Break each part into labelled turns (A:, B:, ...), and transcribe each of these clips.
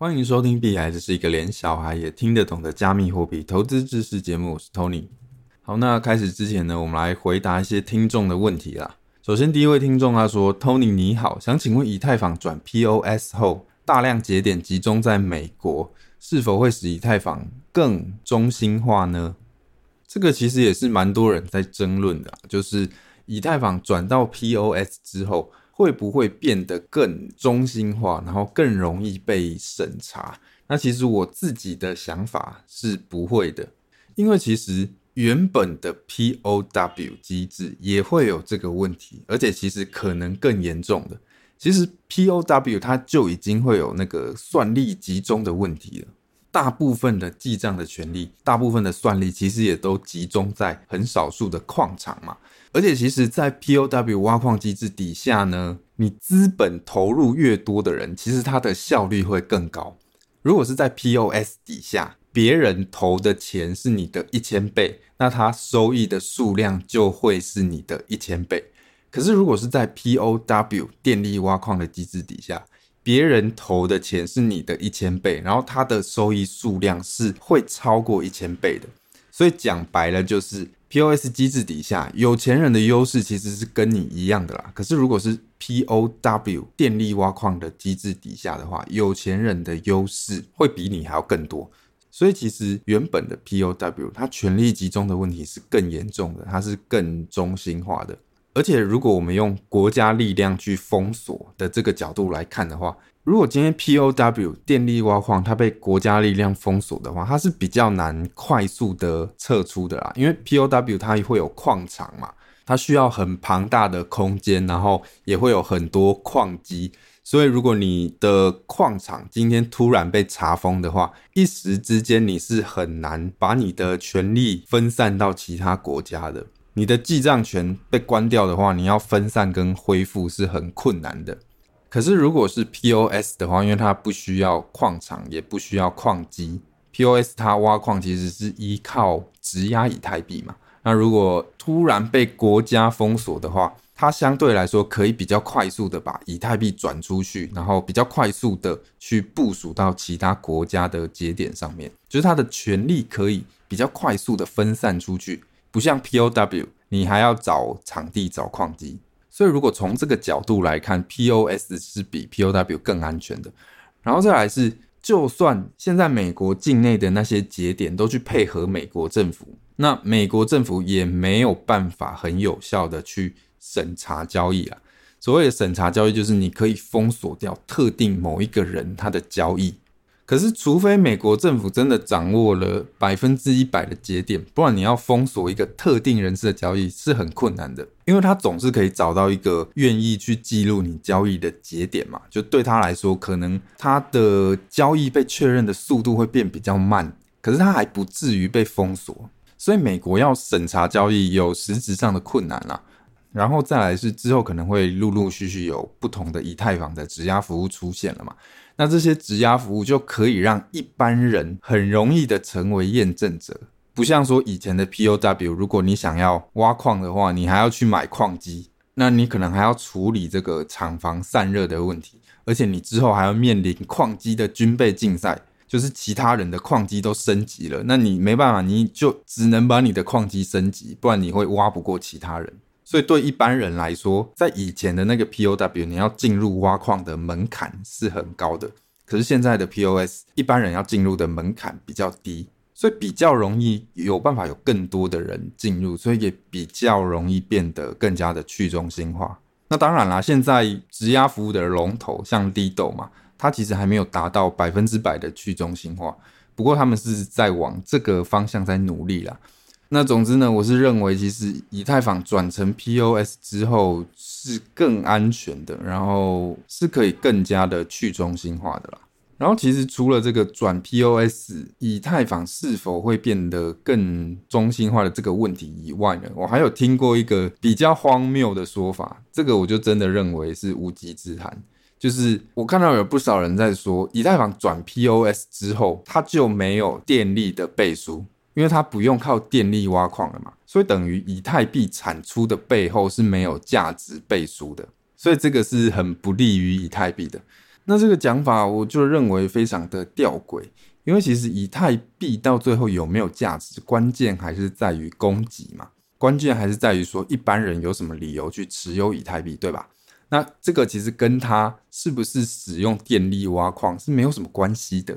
A: 歡迎收聽《幣海》，這是一個連小孩也聽得懂的加密貨幣投資知識節目。我是 Tony。好，那開始之前呢，我們來回答一些聽眾的問題啦。首先，第一位聽眾他說：“Tony 你好，想請問以太坊轉 POS 後，大量節點集中在美國，是否會使以太坊更中心化呢？”這個其實也是蠻多人在爭論的，就是以太坊轉到 POS 之後。會不會變得更中心化，然後更容易被審查？那其實我自己的想法是不會的，因為其實原本的 POW 機制也會有這個問題，而且其實可能更嚴重的。其實 POW 它就已經會有那個算力集中的問題了，大部分的記賬的權利，大部分的算力其實也都集中在很少數的礦場嘛。而且，其實，在 POW 挖礦機制底下呢，你資本投入越多的人，其實他的效率會更高。如果是在 POS 底下，別人投的錢是你的一千倍，那他收益的數量就會是你的一千倍。可是，如果是在 POW 電力挖礦的機制底下，別人投的錢是你的一千倍，然後他的收益數量是會超過一千倍的。所以，講白了就是，POS 機制底下，有錢人的優勢其實是跟你一樣的啦。可是，如果是 POW 電力挖礦的機制底下的話，有錢人的優勢會比你還要更多。所以其實原本的 POW 它權力集中的問題是更嚴重的，它是更中心化的。而且，如果我們用國家力量去封鎖的這個角度來看的話，如果今天 POW 電力挖礦它被國家力量封鎖的話，它是比較難快速的撤出的啦。因為 POW 它會有礦場嘛，它需要很龐大的空間，然後也會有很多礦機。所以，如果你的礦場今天突然被查封的話，一時之間你是很難把你的權力分散到其他國家的。你的記賬權被關掉的話，你要分散跟恢復是很困難的。可是如果是 POS 的話，因為它不需要礦場，也不需要礦機，POS 它挖礦其實是依靠質押以太幣嘛。那如果突然被國家封鎖的話，它相對來說可以比較快速的把以太幣轉出去，然後比較快速的去部署到其他國家的節點上面，就是它的權力可以比較快速的分散出去。不像 POW，你還要找場地、找礦機，所以如果從這個角度來看，POS 是比 POW 更安全的。然後再來是，就算現在美國境內的那些節點都去配合美國政府，那美國政府也沒有辦法很有效的去審查交易啊。所謂的審查交易，就是你可以封鎖掉特定某一個人他的交易。可是，除非美國政府真的掌握了百分之一百的節點，不然你要封鎖一個特定人士的交易是很困難的，因為他總是可以找到一個願意去記錄你交易的節點嘛。就對他來說，可能他的交易被確認的速度會變比較慢，可是他還不至於被封鎖。所以，美國要審查交易有實質上的困難啦。然後再來是之後可能會陸陸續續有不同的以太坊的質押服務出現了嘛。那這些質押服務就可以讓一般人很容易的成為驗證者，不像說以前的 POW，如果你想要挖礦的話，你還要去買礦機，那你可能還要處理這個廠房散熱的問題，而且你之後還要面臨礦機的軍備競賽，就是其他人的礦機都升級了，那你沒辦法，你就只能把你的礦機升級，不然你會挖不過其他人。所以對一般人來說，在以前的那個 POW，你要進入挖礦的門檻是很高的。可是現在的 POS，一般人要進入的門檻比較低，所以比較容易有辦法有更多的人進入，所以也比較容易變得更加的去中心化。那當然啦，現在質押服務的龍頭像 Lido 嘛，它其實還沒有達到百分之百的去中心化，不過他們是在往這個方向在努力啦。那總之呢，我是認為，其實以太坊轉成 P O S 之後是更安全的，然後是可以更加的去中心化的啦。然後，其實除了這個轉 P O S，以太坊是否會變得更中心化的這個問題以外呢，我還有聽過一個比較荒謬的說法，這個我就真的認為是無稽之談。就是我看到有不少人在說，以太坊轉 P O S 之後，它就沒有電力的背書。因為它不用靠電力挖礦了嘛，所以等於以太幣產出的背後是沒有價值背書的，所以這個是很不利於以太幣的。那這個講法，我就認為非常的吊詭，因為其實以太幣到最後有沒有價值，關鍵還是在於供給嘛，關鍵還是在於說一般人有什麼理由去持有以太幣，對吧？那這個其實跟它是不是使用電力挖礦是沒有什麼關係的。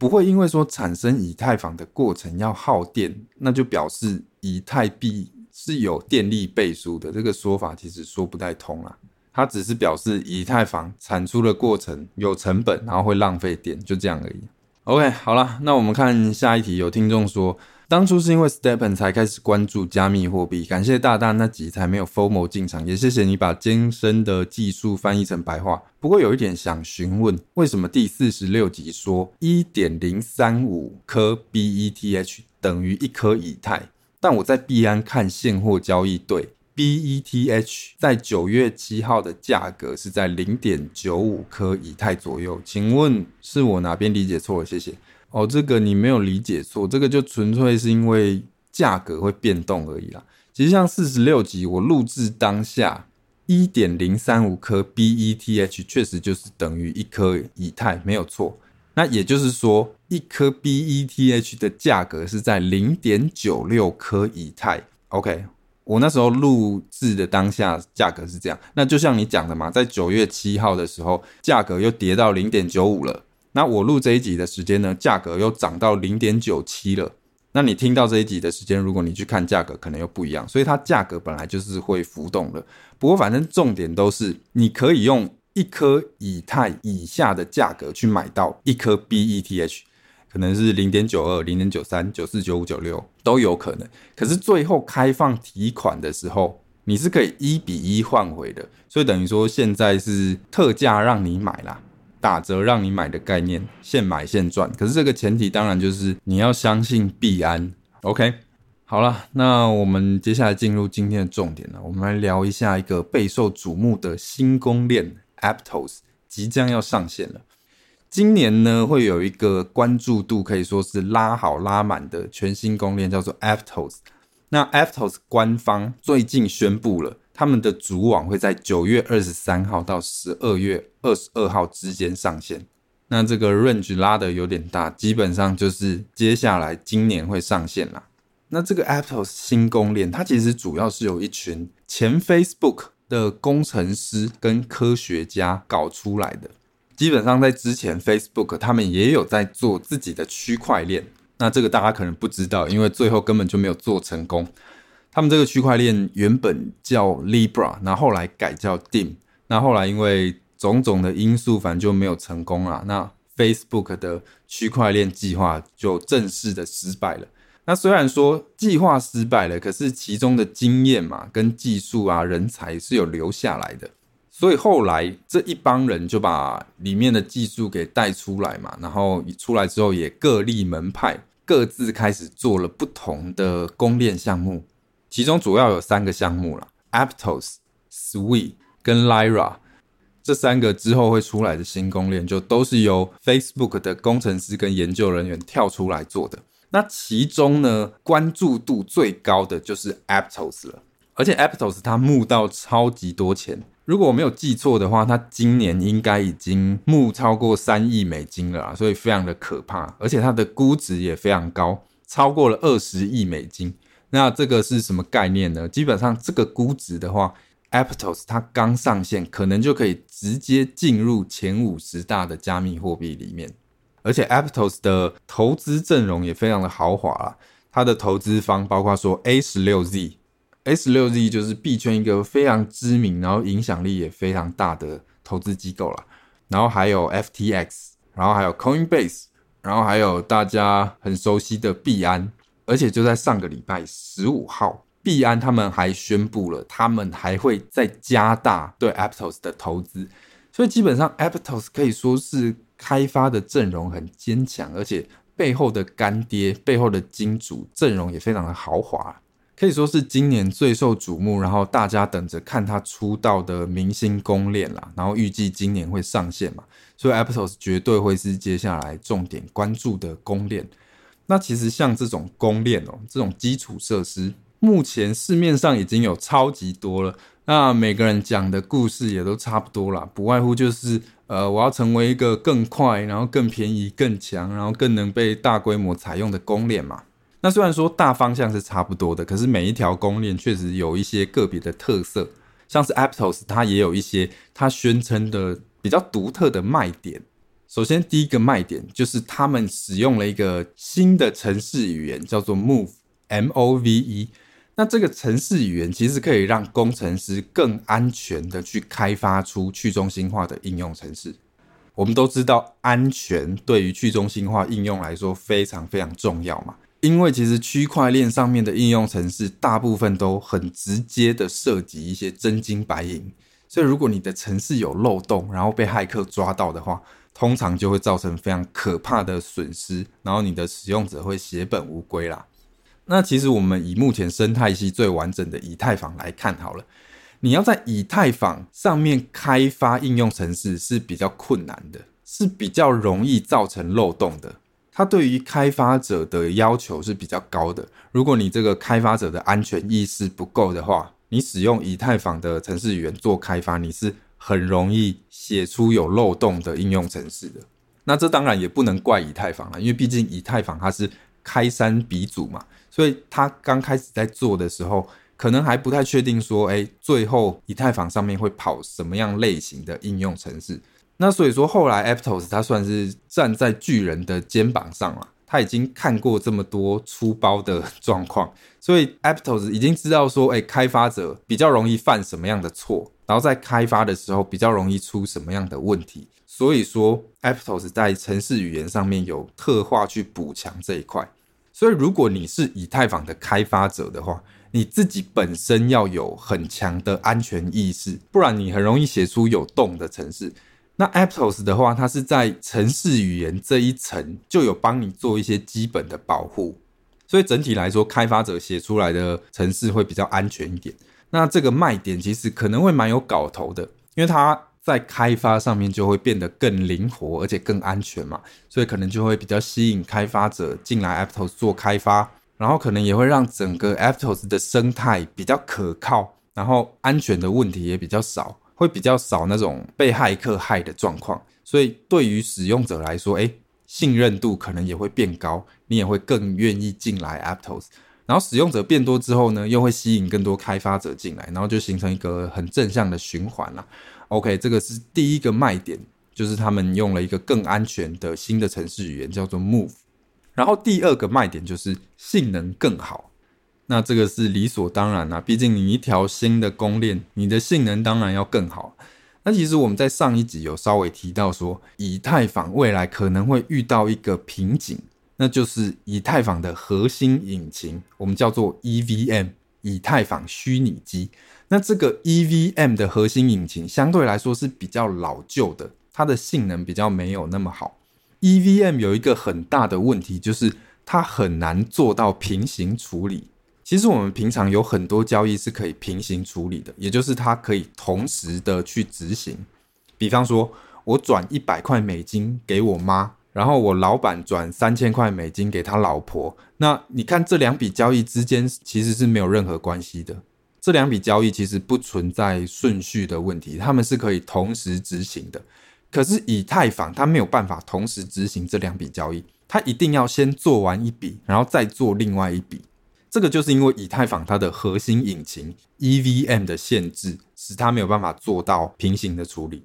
A: 不會因為說，產生以太坊的過程要耗電，那就表示以太幣是有電力背書的，這個說法其實說不太通啦，它只是表示以太坊產出的過程有成本，然後會浪費電，就這樣而已。OK，好啦，那我們看下一題。有聽眾說，當初是因為 Stephen 才開始關注加密貨幣，感謝大大那集才沒有 FOMO 進場，也謝謝你把艱深的技術翻譯成白話。不過有一點想詢問，為什麼第四十六集說一點零三五顆 BETH 等於一顆以太？但我在幣安看現貨交易對。BETH 在九月七號的價格是在零點九五顆以太左右，請問是我哪邊理解錯了？謝謝。哦，這個你沒有理解錯，這個就純粹是因為價格會變動而已啦。其實像四十六集我錄製當下一點零三五顆 BETH 確實就是等於一顆以太，沒有錯。那也就是說，一顆 BETH 的價格是在零點九六顆以太。OK。我那時候錄制的當下價格是這樣，那就像你講的嘛，在九月七號的時候，價格又跌到零點九五了。那我錄這一集的時間呢，價格又漲到零點九七了。那你聽到這一集的時間，如果你去看價格，可能又不一樣。所以它價格本來就是會浮動的。不過反正重點都是，你可以用一顆以太以下的價格去買到一顆 BETH。可能是零點九二、零點九三、九四、九五、九六都有可能，可是最後開放提款的時候，你是可以一比一換回的，所以等於說，現在是特價讓你買啦，打折讓你買的概念，現買現賺。可是這個前提當然就是你要相信幣安。OK，好啦，那我們接下來進入今天的重點了，我們來聊一下一個備受矚目的新公鏈 Aptos，即將要上線了。今年呢，會有一個關注度可以說是拉好拉滿的全新公鏈，叫做 Aptos。那 Aptos 官方最近宣布了，他們的主網會在九月二十三號到十二月二十二號之間上線。那這個 range 拉得有點大，基本上就是接下來今年會上線啦。那這個 Aptos 新公鏈，它其實主要是由一群前 Facebook 的工程師跟科學家搞出來的。基本上在之前，Facebook 他們也有在做自己的區塊鏈。那這個大家可能不知道，因為最後根本就沒有做成功。他們這個區塊鏈原本叫 Libra，那後來改叫 Diem，那後來因為種種的因素，反正就沒有成功啦。那 Facebook 的區塊鏈計劃就正式的失敗了。那雖然說計劃失敗了，可是其中的經驗嘛，跟技術啊、人才是有留下來的。所以後來這一幫人就把裡面的技術給帶出來嘛，然後出來之後也各立門派，各自開始做了不同的公鏈項目，其中主要有三個項目了：Aptos、Sui 跟 Lyra，這三個之後會出來的新公鏈就都是由 Facebook 的工程師跟研究人員跳出來做的。那其中呢，關注度最高的就是 Aptos 了，而且 Aptos 它募到超級多錢。如果我沒有記錯的話，它今年應該已經募超過三億美金了，所以非常的可怕，而且它的估值也非常高，超過了二十億美金。那這個是什麼概念呢？基本上這個估值的話，Aptos 它剛上線，可能就可以直接進入前五十大的加密貨幣裡面，而且 Aptos 的投資陣容也非常的豪華了，它的投資方包括說 A 十六 Z。A16Z 就是幣圈一個非常知名，然後影響力也非常大的投資機構了。然後還有 FTX，然後還有 Coinbase，然後還有大家很熟悉的幣安。而且就在上個禮拜十五號，幣安他們還宣布了，他們還會再加大對 Aptos 的投資。所以基本上，Aptos 可以說是開發的陣容很堅強，而且背後的乾爹、背後的金主陣容也非常的豪華。可以說是今年最受矚目，然後大家等着看他出道的明星公鏈啦。然後預計今年會上線嘛，所以 Aptos 絕對會是接下來重點關注的公鏈。那其實像這種公鏈哦、喔，這種基礎設施，目前市面上已經有超級多了。那每個人講的故事也都差不多啦，不外乎就是呃，我要成為一個更快、然後更便宜、更強、然後更能被大規模採用的公鏈嘛。那雖然說大方向是差不多的，可是每一條公鏈確實有一些個別的特色，像是 Aptos 它也有一些它宣稱的比較獨特的賣點。首先，第一個賣點就是他們使用了一個新的程式語言，叫做 Move, M O V E。那這個程式語言其實可以讓工程師更安全的去開發出去中心化的應用程式。我們都知道，安全對於去中心化應用來說非常非常重要嘛。因為其實區塊鏈上面的應用程式，大部分都很直接的涉及一些真金白銀，所以如果你的程式有漏洞，然後被駭客抓到的話，通常就會造成非常可怕的損失，然後你的使用者會血本無歸啦。那其實我們以目前生態系最完整的以太坊來看好了，你要在以太坊上面開發應用程式是比較困難的，是比較容易造成漏洞的。它對於開發者的要求是比較高的。如果你這個開發者的安全意識不夠的話，你使用以太坊的程式語言做開發，你是很容易寫出有漏洞的應用程式的。那這當然也不能怪以太坊了，因為畢竟以太坊它是開山鼻祖嘛，所以它剛開始在做的時候，可能還不太確定說，哎、欸，最後以太坊上面會跑什麼樣類型的應用程式。那所以說，後來 Aptos 它算是站在巨人的肩膀上了，他已經看過這麼多出包的狀況，所以 Aptos 已經知道說，哎，開發者比較容易犯什麼樣的錯，然後在開發的時候比較容易出什麼樣的問題。所以說，Aptos 在程式語言上面有特化去補強這一塊。所以，如果你是以太坊的開發者的話，你自己本身要有很強的安全意識，不然你很容易寫出有洞的程式。那 Aptos 的話，它是在程式語言這一層就有幫你做一些基本的保護，所以整體來說，開發者寫出來的程式會比較安全一點。那這個賣點其實可能會蠻有搞頭的，因為它在開發上面就會變得更靈活，而且更安全嘛，所以可能就會比較吸引開發者進來 Aptos 做開發，然後可能也會讓整個 Aptos 的生態比較可靠，然後安全的問題也比較少。會比較少那種被駭客駭的狀況，所以對於使用者來說，誒、欸，信任度可能也會變高，你也會更願意進來 Aptos。然後使用者變多之後呢，又會吸引更多開發者進來，然後就形成一個很正向的循環啦。OK，這個是第一個賣點，就是他們用了一個更安全的新的程式語言叫做 Move。然後第二個賣點就是性能更好。那這個是理所當然啊，畢竟你一條新的公鏈，你的性能當然要更好。那其實我們在上一集有稍微提到說，以太坊未來可能會遇到一個瓶頸，那就是以太坊的核心引擎，我們叫做 EVM，以太坊虛擬機。那這個 EVM 的核心引擎相對來說是比較老舊的，它的性能比較沒有那麼好。EVM 有一個很大的問題，就是它很難做到平行處理。其實我們平常有很多交易是可以平行處理的，也就是它可以同時的去執行。比方說，我轉一百塊美金給我媽，然後我老闆轉三千塊美金給他老婆。那你看這兩筆交易之間其實是沒有任何關係的，這兩筆交易其實不存在順序的問題，他們是可以同時執行的。可是以太坊他沒有辦法同時執行這兩筆交易，他一定要先做完一筆，然後再做另外一筆。這個就是因為以太坊它的核心引擎 EVM 的限制，使它沒有辦法做到平行的處理。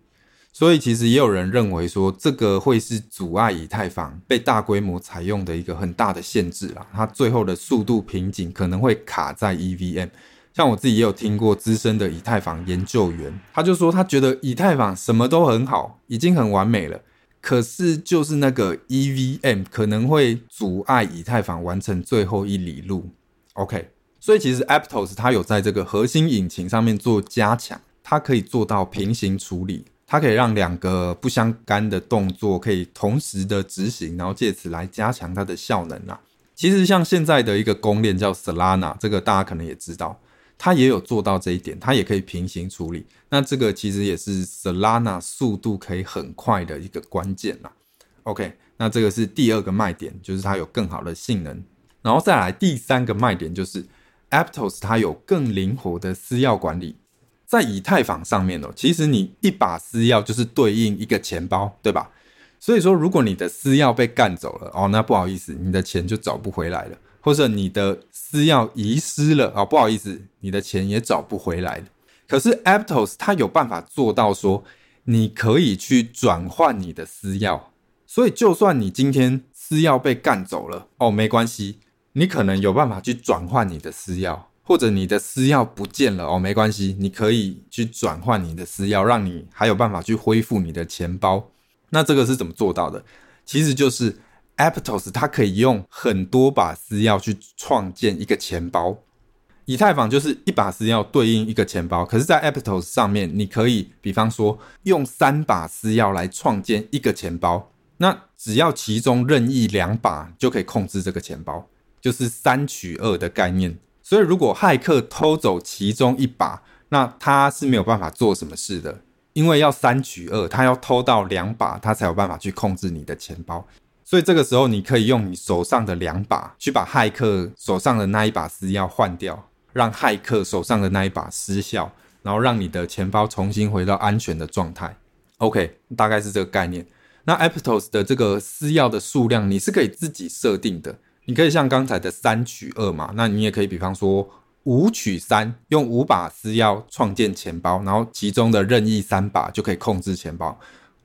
A: 所以其實也有人認為說，這個會是阻礙以太坊被大規模採用的一個很大的限制啦。它最後的速度瓶頸可能會卡在 EVM。像我自己也有聽過資深的以太坊研究員，他就說他覺得以太坊什麼都很好，已經很完美了，可是就是那個 EVM 可能會阻礙以太坊完成最後一里路。OK，所以其實 Aptos 它有在這個核心引擎上面做加強，它可以做到平行處理，它可以讓兩個不相干的動作可以同時的執行，然後借此來加強它的效能啊。其實像現在的一個公鏈叫 Solana，這個大家可能也知道，它也有做到這一點，它也可以平行處理。那這個其實也是 Solana 速度可以很快的一個關鍵啦啊。OK，那這個是第二個賣點，就是它有更好的性能。然後再來第三個賣點，就是 Aptos 它有更靈活的私鑰管理，在以太坊上面呢、哦，其實你一把私鑰就是對應一個錢包，對吧？所以說，如果你的私鑰被幹走了哦，那不好意思，你的錢就找不回來了，或者你的私鑰遺失了哦，不好意思，你的錢也找不回來了。可是 Aptos 它有辦法做到說，你可以去轉換你的私鑰，所以就算你今天私鑰被幹走了哦，沒關係。你可能有辦法去轉換你的私鑰，或者你的私鑰不見了哦，沒關係，你可以去轉換你的私鑰，讓你還有辦法去恢復你的錢包。那這個是怎麼做到的？其實就是 Aptos 它可以用很多把私鑰去創建一個錢包。以太坊就是一把私鑰對應一個錢包，可是，在 Aptos 上面，你可以比方說用三把私鑰來創建一個錢包，那只要其中任意兩把就可以控制這個錢包。就是三取二的概念，所以如果駭客偷走其中一把，那他是沒有辦法做什麼事的，因為要三取二，他要偷到兩把，他才有辦法去控制你的錢包。所以這個時候，你可以用你手上的兩把去把駭客手上的那一把私鑰換掉，讓駭客手上的那一把失效，然後讓你的錢包重新回到安全的狀態。OK，大概是這個概念。那 Aptos 的這個私鑰的數量，你是可以自己設定的。你可以像剛才的三取二嘛，那你也可以比方說五取三，用五把私鑰創建錢包，然後其中的任意三把就可以控制錢包。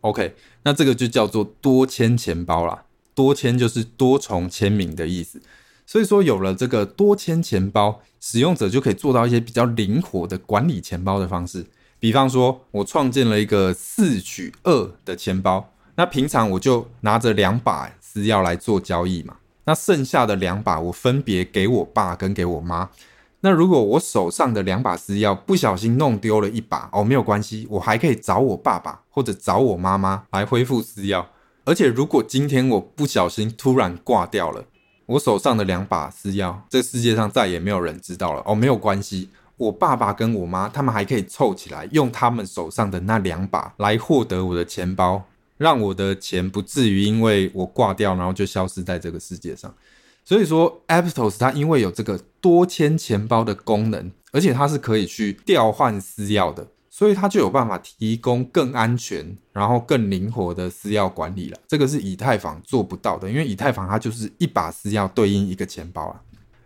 A: OK，那這個就叫做多簽錢包啦。多簽就是多重簽名的意思。所以說有了這個多簽錢包，使用者就可以做到一些比較靈活的管理錢包的方式。比方說，我創建了一個四取二的錢包，那平常我就拿着兩把私鑰來做交易嘛。那剩下的兩把，我分別給我爸跟給我媽。那如果我手上的兩把私鑰不小心弄丟了一把，哦，沒有關係，我還可以找我爸爸或者找我媽媽來恢復私鑰。而且，如果今天我不小心突然掛掉了，我手上的兩把私鑰，這世界上再也沒有人知道了。哦，沒有關係，我爸爸跟我媽他們還可以湊起來，用他們手上的那兩把來獲得我的錢包。讓我的錢不至於因為我掛掉，然後就消失在這個世界上。所以說，Aptos 它因為有這個多簽錢包的功能，而且它是可以去調換私鑰的，所以它就有辦法提供更安全、然後更靈活的私鑰管理了。這個是以太坊做不到的，因為以太坊它就是一把私鑰對應一個錢包啊。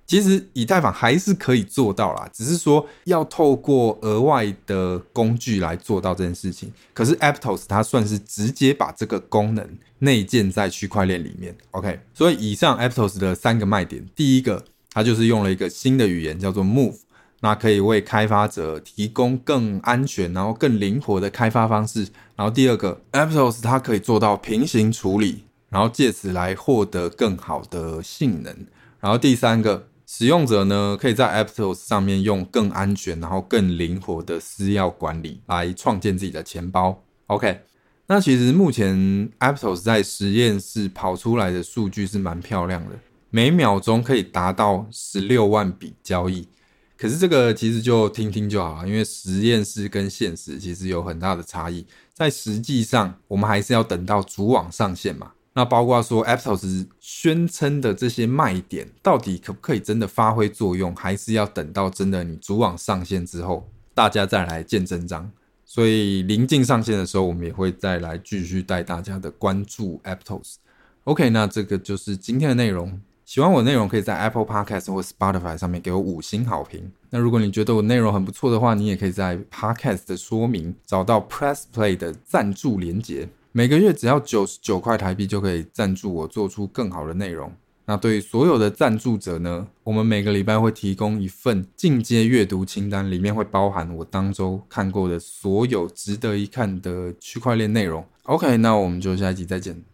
A: 其實以太坊還是可以做到啦，只是說要透過額外的工具來做到這件事情。可是 Aptos 它算是直接把這個功能內建在區塊鏈裡面。OK，所以以上 Aptos 的三個賣點，第一個它就是用了一個新的語言叫做 Move，那可以為開發者提供更安全然後更靈活的開發方式。然後第二個 Aptos 它可以做到平行處理，然後借此來獲得更好的性能。然後第三個，使用者呢，可以在 Aptos 上面用更安全、然後更靈活的私鑰管理來創建自己的錢包。OK，那其實目前 Aptos 在實驗室跑出來的數據是蠻漂亮的，每秒鐘可以達到十六萬筆交易。可是這個其實就聽聽就好了，因為實驗室跟現實其實有很大的差異。在實際上，我們還是要等到主網上線嘛。那包括說，Aptos 宣稱的這些賣點，到底可不可以真的發揮作用，還是要等到真的你主網上線之後，大家再來見真章。所以臨近上線的時候，我們也會再來繼續帶大家的關注 Aptos。OK，那這個就是今天的內容。喜歡我內容，可以在 Apple Podcast 或 Spotify 上面給我五星好評。那如果你覺得我內容很不錯的話，你也可以在 Podcast 的說明找到 Press Play 的贊助連結。每個月只要九十九塊台幣就可以贊助我做出更好的內容。那對於所有的贊助者呢，我們每個禮拜會提供一份進階閱讀清單，裡面會包含我當周看過的所有值得一看的區塊鏈內容。OK，那我們就下一集再見。